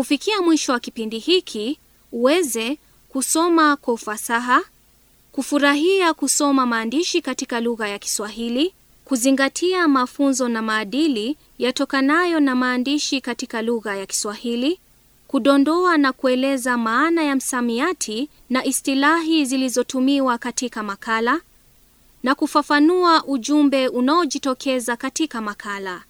Kufikia mwisho wa kipindi hiki uweze kusoma kwa ufasaha, kufurahia kusoma maandishi katika lugha ya Kiswahili, kuzingatia mafunzo na maadili yatokanayo na maandishi katika lugha ya Kiswahili, kudondoa na kueleza maana ya msamiati na istilahi zilizotumiwa katika makala na kufafanua ujumbe unaojitokeza katika makala.